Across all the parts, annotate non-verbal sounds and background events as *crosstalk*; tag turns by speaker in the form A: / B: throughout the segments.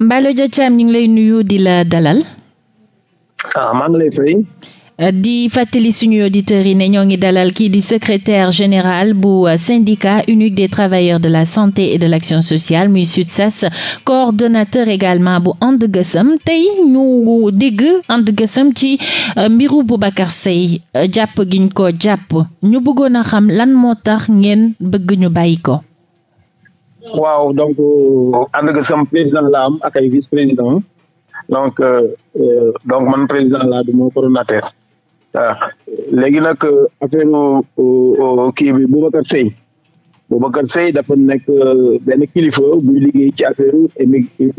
A: Mballo Dia Thiam ñu ngi lay nuyu di la dalal. Ah, euh, di fàttali suñu auditeurs yi ne ñoo ngi dalal kii di secrétaire général bu euh, syndicat unique des travailleurs de la santé et de l'action sociale muy SUTSAS coordonnateur également bu And Gueusseum tey ñu dégg ci euh, mbiru Boubacar Seye jàpp giñ ko jàpp ñu bëggoon a xam lan moo tax ngeen bëgg ñu bàyyi ko.
B: waaw donc ànd ak sama président la am ak ay vice président donc euh, euh, donc man président laa du ma coordonnateur waaw ah, léegi nag euh, affaire kii bi Boubacar Seye Boubacar Seye dafa nek benn kilifa buy liggéey ci affaire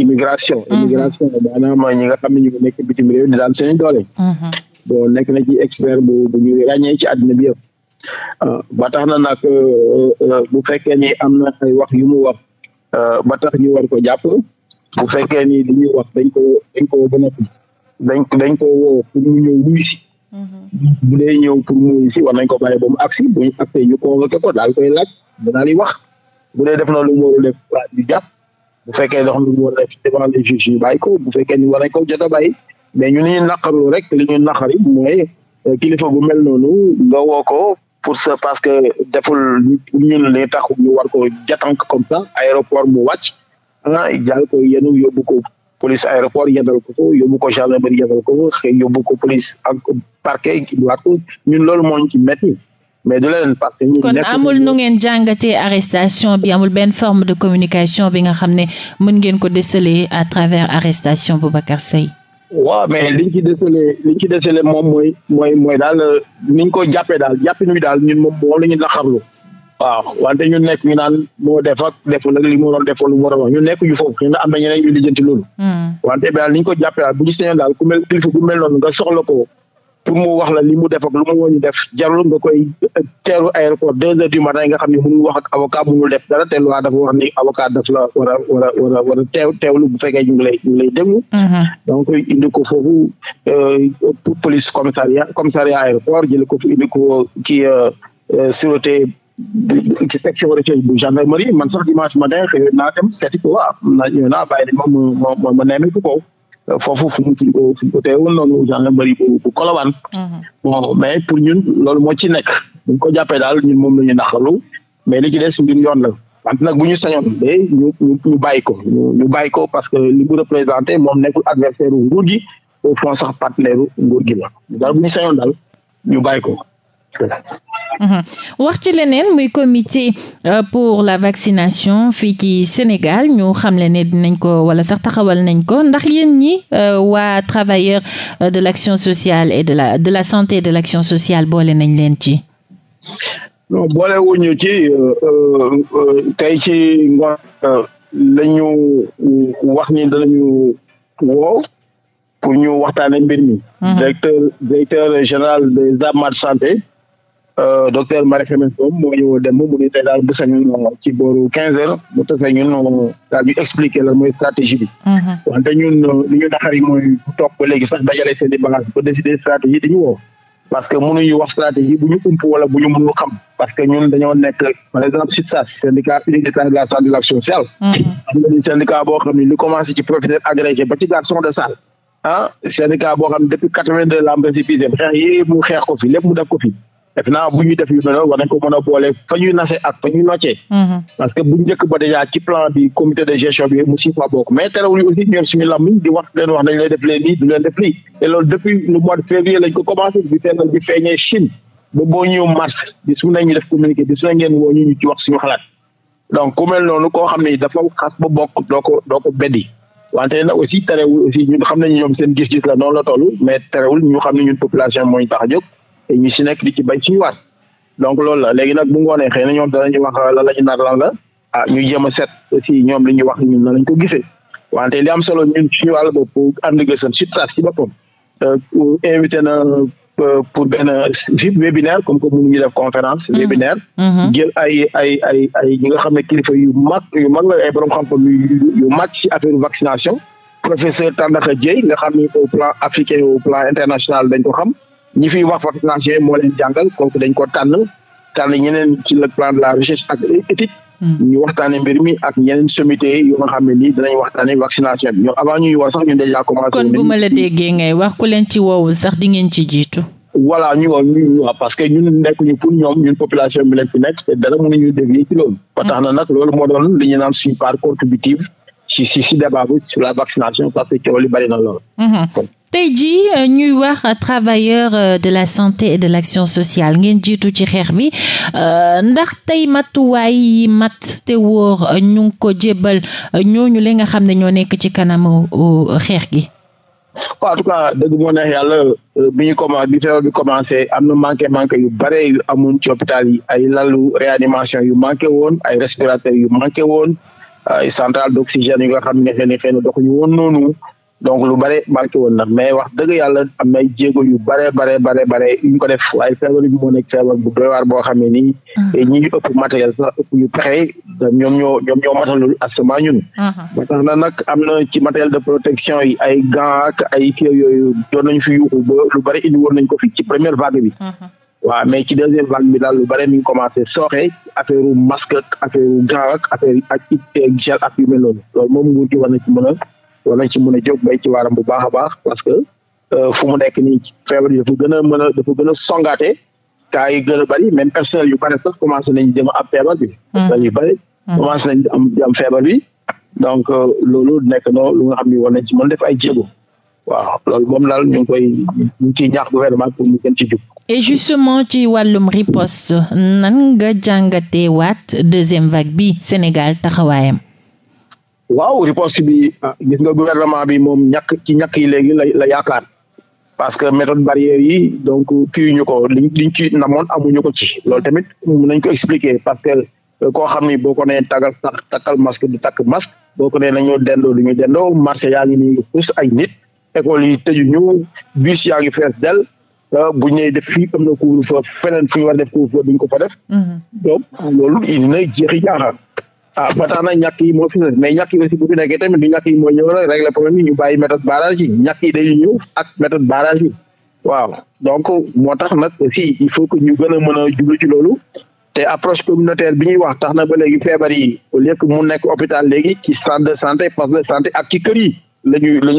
B: immigration mm-hmm. immigration maanaam ñi nga xam ne ñu nekk bitim réew di daan seen doole mm-hmm. bon nekk na ci expert bu bu ñuy ràññee ci àddina bi yëpp Euh, ba na nag euh, euh, bu fekkee ni am na ay wax yu mu wax ba tax ñu war ko jàpp bu fekkee ni li ñuy wax dañ ko dañ ko ba noppi dañ dañ ko woo pour mu ñëw wuyu si
C: mm-hmm. bu
B: dee ñëw pour mu wuyu si war nañ ko bàyyi ba mu agsi bu ñu agsi ñu convoqué ko daal koy laaj daal di wax bu dee def na lu mu warul def bu fekkee dox lu mu war a def ko bu fekkee ni war ko jot a bàyyi mais ñu ni ñu naqarlu rek li ñu naqari mooy kilifa gu mel noonu nga ko pour ça parce que deful ñun li tax ñu war ko jatank comme ça aéroport mu wàcc ah jàll ko yenu yóbbu ko police aéroport yebal ko ko yóbbu ko gendarmerie yebal ko xëy yóbbu ko police ak parquet indiwaat ko ñun loolu moo ñu ci metti mais du leen parce que. kon
A: amul nu ngeen jàngatee arrestation bi amul benn forme de communication bi nga xam ne mën ngeen ko déceler à travers arrestation Boubacar Seye.
B: wa mais liñ ci deselee liñ ci deselee moom mooy daal niñ ko jàppee daal jàppin wi daal ñun moom moom la ñu naqarlu waaw wante ñu nekk ñu naan moo def deful ak li deful lu mu ñu nekk ñu foofu xëy na am ñu lijjanti loolu. Hmm. wante daal niñ ko daal bu ñu daal ku mel kilifa bu nga soxla ko pour mu wax la li mu def ak lu mu woñu def jarul nga koy euh, teeru aéroport deux heures du matin nga xam ne mënul wax ak avocat mënul def dara te loi dafa wax ni avocat daf la war a war a war a war a bu fekkee ñu ngi lay ñu ngi lay déglu mm-hmm. donc indi ko foofu euh, police commissariat commissariat aéroport jële ko fi indi ko ci euh, sûreté ci section recherche bu gendarmerie man sax dimanche matin xëy naa dem seeti ko na ñëw ma ma ma ko foofu fu mu fu mu teewoon noonu gendarmerie bu bu Colobane mhm. mais pour ñun loolu moo ci nekk bu ko jàppee daal ñun moom la ñu naqalu mais li ci des mbir yoon la wante nag bu ñu sañoon ñu ñu ñu bàyyi ko ñu bàyyi ko parce que li mu représenté moom nekkul adversaire wu gi au sax partenaire wu nguur gi la daal bu ñu sañoon daal ñu bàyyi
A: Mhm. wax ci leneen muy comité euh, pour la vaccination fii ci Sénégal ñu xam ne nañ ko wala sax taxawal nañ ko ndax yéen ñi euh, waa travailleurs euh, de l'action sociale et de la de la santé et de l'action sociale boole nañ leen ci.
B: non boole wuñu ci tey ci lañu wax ni danañu woo pour ñu waxtaane mbir mi. Mhm. directeur directeur général des AMAD santé. Euh, docteur Mari Xemes moom moo dem mu ni tey daal bu sañoon ci booru quinze heures mu tase ñun daal ñu expliqué la mooy stratégie bi. Mhm. wante ñun euh, li ñu naqari mooy léegi sax dajale seen i balance ba décider stratégie dañu woo. parce que mënuñu wax stratégie bu ñu ump wala bu ñu mënul xam parce que ñun dañoo nekk par exemple SUTSAS syndicat unique d'état de la de l'action sociale. Mhm. am nañu boo xam ne lu commencé ci professeur agrégé ba ci garçon de def naa bu ñu def yu mel noonu boole fa ñuy nase ak fa ñuy noccee. Mm-hmm. parce que bu njëkk ba déjà ci plan bi comité de gestion bi mu siy fa bokk mais terewul de février lañ boo ñëw mars di ñu def communiqué di su nañ ngeen woo ñu ñu ci wax suñu xalaat donc xam ne dafa doo ko doo ko beddi wante xam nañ ñoom seen gis-gis la noonu la toll mais terewul ñu xam ne ñu population mooy tax a jóg te si nekk di ci bay suñu waat donc loolu la léegi nag bu ngoonee xëy na ñoom danañu wax la ñu nar lan la ah, ñu jéem a seet aussi ñoom li ñu wax ñun nan lañ ko gisee wante li am solo ñun suñu wàll bopp ànd gësëm SUTSAS si boppam euh, invité na euh, pour benn vip webinaire comme que mënuñu def conférence mm-hmm. webinaire mm-hmm. jël ay ay ay ay ñi nga xam ne kilifa yu mag yu mag la ay borom xam-xam yu mag ci affaire vaccination professeur Tandakha Dièye nga xam ne au plan africain au plan international dañ ko xam ñi fiy wax financier moo leen jàngal kooku dañ ko tànn tànn ñeneen ci le plan de la recherche ak éthique. Hmm. ñu e mbir mi ak ñeneen sommité yu nga xam ne nii danañ waxtaanee vaccination e ñoom avant ñuy wax sax ñun déjà commencé. kon bu ma la
A: déggee ngay wax ku leen ci woowu sax di ngeen ci jiitu.
B: voilà ñu wax ñu wax parce que ñun nekkuñu pour ñoom ñun population bi lañ fi nekk te dara mënuñu dévier ci loolu. ba tax na nag loolu moo doon li ñu naan suñu par contributive ci ci ci débat la vaccination parce que coow li bari na lool.
A: Hmm. tey ji euh, ñuy wax travailleur euh, de la santé et de l'action sociale ngeen jiitu ci xeex bi euh, ndax tey matuwaay yi mat te wóor ñu ngi ko jébbal ñooñu li nga xam ne ñoo nekk ci kanamu xeex gi.
B: en tout cas dëgg neex yàlla bi ñu commencé bi feebar bi commencé am na manqué manqué yu bare yu amoon ci hôpital yi ay lalu réanimation yu manqué woon ay respirateurs yu manqué woon ay centrale d'oxygène yu nga xam ne xëy na xëy doxuñu woon noonu. donc lu bare marqué woon na mais wax dëgg yàlla am na jéego yu bare bare bare bare yuñ ko def waaye feebar bi moo nekk a bu doy waar boo mhm. ñu ëpp matériel sax ñun mhm. ba tax na nag am na ci matériel de protection yi ay gants ak ay kii yooyu fi yuuxu ba lu bare indi woon ko fi ci première vague bi mhm. waaw mais ci deuxième vague bi daal lu bare mi ngi commencé sooxe affaire masque ak affaire gants ak affaire ak ak yu mel noonu loolu moom nguur gi na ci mën wala ci mën a jóg bay ci waaram bu baax a baax parce que euh, fu mu nekk nii feebar yi dafa gën a mën gën songaate cas yi gën a bëri même personnel yu bëri sax commencé nañ dem ab feebar bi. Mm. personnel yu mm. nañ am di am feebar bi donc euh, loolu nekk no lu nga xam ni war nañ ci mën def ay jéego. waaw loolu moom laal ñu ngi koy ñu ngi ciy ñaax gouvernement pour ñu gën ci jub.
A: et justement ci wàllum riposte nan nga jàngatee waat deuxième vague bi Sénégal taxawaayam.
B: waaw riposte bi gis nga gouvernement bi moom ñàkk ci ñàkk yi léegi la la yaakaar parce que méthode barrière yi donc kii ñu ko liñ liñ na moon amuñu ko ci loolu tamit mën nañ ko expliquer parce que euh, koo xam ni boo ko nee tagal takkal masque du takk masque boo ko nee nañu dendoo du ñu dendoo marché yaa ngi ni pousse ay nit école yi tëju ñu bus yaa ngi fees del euh, bu ñu def fii am na couvre-feu feneen fu ñu war def couvre duñ ko fa def mm-hmm. donc loolu indi na jeexi a ah, ba tax na ñàkk yi moo fi des mais ñàkk yi aussi bu fi nekkee tamit du ñàkk yi moo ñëw rek régler problème ñu bàyyi méthode barrage yi ñàkk yi méthode barrage yi waaw donc moo tax aussi il faut que ñu gën a mën ci loolu te approche communautaire bi ñuy wax tax na ba léegi feebar yi au lieu que mu nekk hôpital léegi ci centre de santé poste de santé ak ki kër yi la ñuy la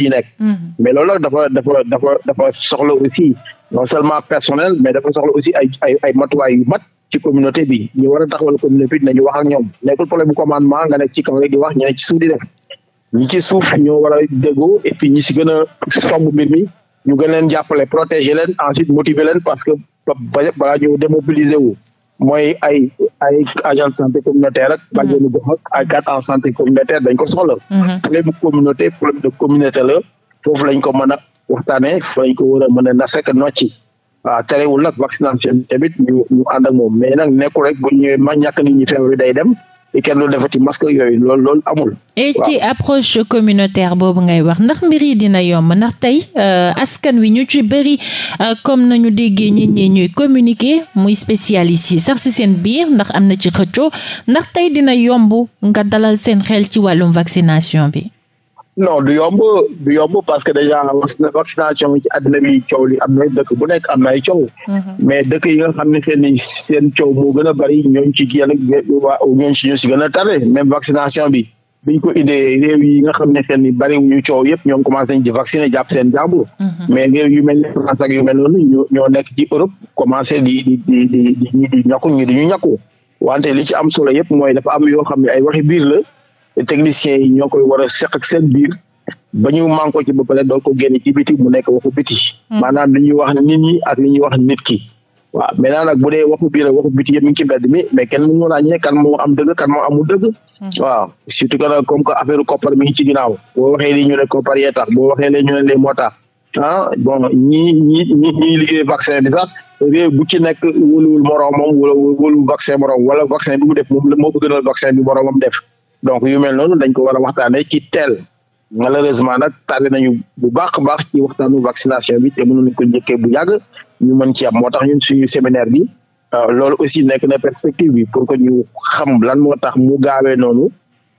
B: yi nekk mm-hmm. mais loolu nag dafa dafa dafa dafa soxla aussi non seulement personnel mais dafa soxla aussi ay ay ay yu mat ci communauté bi ñu war a taxawal communauté bi nañu wax ak ñoom nekkul problème bu commandement nga nekk ci kaw rek di ci suuf di def ñi a déggoo et puis ñi si somb mbir mi ñu gën leen jàppale protéger leen ensuite motiver leen parce que balaa ñu démobiliser wu mooy ay ay agent de santé communautaire ak mm-hmm. bàjjenu gox ak ay carte en santé communautaire dañ ko soxla mm-hmm. problème communauté problème de communauté la foofu lañ ko mën a waxtaanee foofu lañ ko war a mën a nase ak waaw ah, terewul nag vaccination bi tamit ñu ñu ànd ak moom mais nag nekkul rek bu ñëwee ma ñàkk nit ñi feebar bi day dem kenn lu defati masque yooyu loolu loolu amul. et ci
A: approche communautaire boobu ngay wax ndax mbir yi dina yomb ndax tey euh, askan wi ñu ci bëri euh, comme nañu déggee ñi ñi ñuy communiquer muy spécialiste yi sax si seen biir ndax am na ci xëccoo ndax tey dina yomb nga dalal seen xel ci wàllum vaccination bi.
B: non du yomb du yomb parce que déjà vaccination ci àddina bi coow li am na dëkk bu nekk am na ay coow. Mhm. mais dëkk yi nga xam ne xëy na seen coow moo gën a bari ñooñ ci gën a ñooñ ci ñoo si a tare même vaccination bi biñ ko indee réew yi nga xam ne xëy na bari ñu coow yëpp ñoom commencé nañ di vacciner jàpp seen jàmbur. Mhm. mais réew yu mel ne France ak ñoo ñoo nekk ci Europe commencé di di di di ñi di ñu ñàkku wante li ci am solo yëpp mooy dafa am yoo xam ne ay waxi biir la. technicien yi ñoo koy war a seq ak seen biir ba ñu manko ci ba pare doo ko génn ci biti mu nekk waxu biti hmm. maanaam li wax nit ñi ak li ñuy wax nit ki waaw maintenant nag bu dee waxu biir waxu biti yëpp mi ngi ci mbedd mi mais kenn mu moo am dëgg kan moo amul dëgg hmm. waaw surtout que nag comme ngi ci ginnaaw boo waxee lii ñu boo waxee lii moo tax ah bon ñii ñii ñii ñuy liggéey vaccin bi sax bu ci nekk wóoluwul moroomam wala wóolu vaccin moroom wala vaccin bi mu def moom moo bëgg gënal vaccin bi moroomam def donc yu mel noonu dañ ko war a waxtaanee ci teel malheureusement nag tardé nañu bu baax a baax ci waxtaanu vaccination bi te mënuñu ko njëkkee bu yàgg ñu mën ci am moo tax ñun suñu séminaire bi euh, loolu aussi nekk na perspective bi pour que ñu xam lan moo tax mu gaawee noonu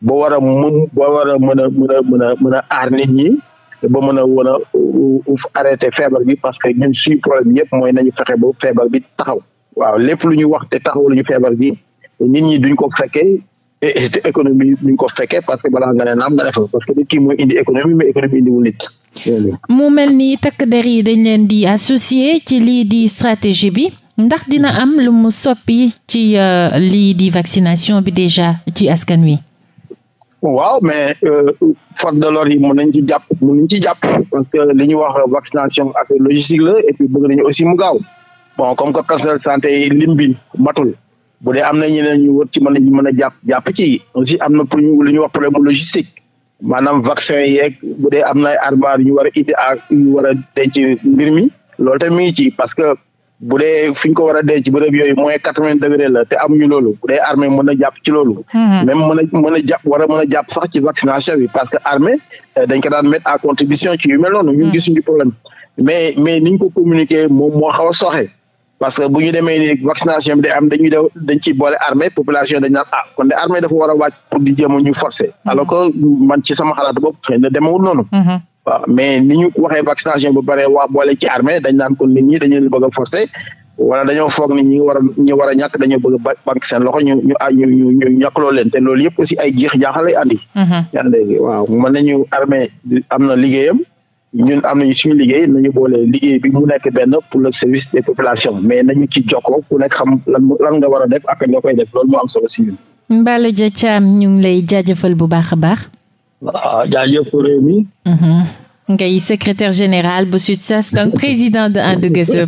B: boo war a mën ba war a mën a mën mën a mën a aar nit ñi te ba mën a wan a arrêté feebar bi parce que ñun suñu problème yëpp mooy nañu fexe ba feebar bi taxaw waaw lépp lu ñu wax te taxaw lu ñu feebar bi nit ñi duñ ko fekkee et économie ñu ko fekkee parce que balaa nga ne naam nga def parce que nit ki mooy indi économie mais économie indiwul nit.
A: mu mel ni takk der yi dañ di associé ci lii di stratégie bi ndax dina am lu mu soppi ci euh, lii di vaccination bi déjà ci askan wi.
B: waaw mais euh, force de l'ordre yi mën nañ ci jàpp mën nañ ci jàpp parce que li ñuy wax vaccination ak logistique la et puis bëgg nañu aussi mu gaaw bon comme que personnel santé yi lim bi matul. bu dee am na ñeneen ñu wër ci mën a mën a jàpp jàpp ci aussi am na pour ñu lu ñuy wax problème logistique maanaam vaccin yeeg bu dee am na ay ñu war a war a denc mbir mi lool tamit mi ngi ci parce que bu dee fi ko war a denc bërëb yooyu moins quatre-vingts degré la te amuñu loolu bu dee armée mën a jàpp ci loolu. Mm-hmm. même mën a mën a jàpp war a mën a jàpp parce que armée euh, dañ ko daan mettre à contribution ci yu mel noonu. ñun mm. gisuñu problème mais mais niñ ko communiquer moom moo xaw a soxe. parce que bu ñu demee ni vaccination bi day am dañuy def dañ ciy boole armée population dañ naan ah kon de armée dafa war a wàcc pour di jéem ñu forcer mm-hmm. alors man ci sama xalaatu bopp xëy na demewul noonu mm-hmm. waaw mais ni ñu waxee vaccination bu bare waa boole ci armée dañ naan kon nit ñi dañu leen bëgg foog ni ñi war a ñi war a ñàkk dañoo bëgg a banque seen loxo ñu ñu ah, ñu ñu ñu ñàkkaloo yëpp aussi ay jiix jaaxal lay andi. Mm-hmm. waaw mën nañu armée am na liggéeyam ñun am nañu suñu liggéey nañu boole liggéey bi mu nekk benn pour le service des populations mais nañu ci jokkoo ku nekk xam lan lan nga war a def ak nga koy def loolu moo am solo si ñun.
A: Mballo Dia Thiam ñu ngi lay jaajëfal bu baax a baax.
B: waaw ah, jaajëf réew mi. Mhm.
A: ngay secrétaire général bu SUTSAS *laughs* donc président de And Gueusseum